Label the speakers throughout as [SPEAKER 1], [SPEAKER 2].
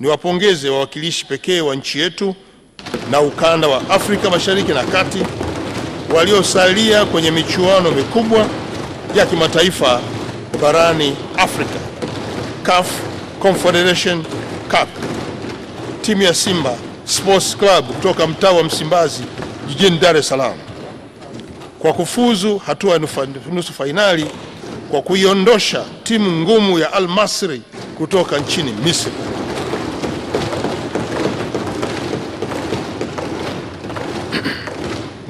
[SPEAKER 1] Niwapongeze wawakilishi pekee wa nchi yetu na ukanda wa Afrika Mashariki na Kati waliosalia kwenye michuano mikubwa ya kimataifa barani Afrika, CAF Confederation Cup. Timu ya Simba Sports Club kutoka mtaa wa Msimbazi jijini Dar es Salaam kwa kufuzu hatua ya nusu fainali kwa kuiondosha timu ngumu ya Al Masry kutoka nchini Misri.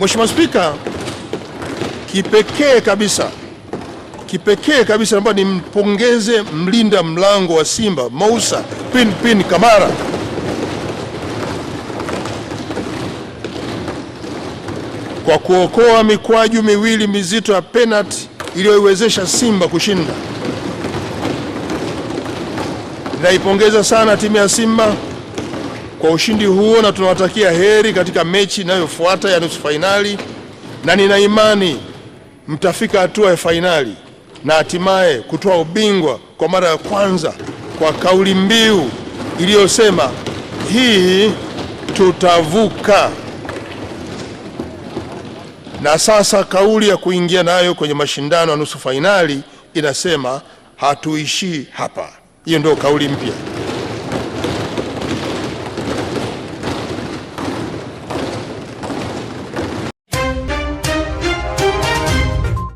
[SPEAKER 1] Mheshimiwa Spika, kipekee kabisa kipekee kabisa naomba nimpongeze mlinda mlango wa Simba Mousa Pin Pin Kamara kwa kuokoa mikwaju miwili mizito ya penalti iliyoiwezesha Simba kushinda. Naipongeza sana timu ya Simba kwa ushindi huo na tunawatakia heri katika mechi inayofuata ya nusu fainali, na nina imani mtafika hatua ya fainali na hatimaye kutoa ubingwa kwa mara ya kwanza kwa kauli mbiu iliyosema hii tutavuka. Na sasa kauli ya kuingia nayo kwenye mashindano ya nusu fainali inasema hatuishii hapa. Hiyo ndio kauli mpya.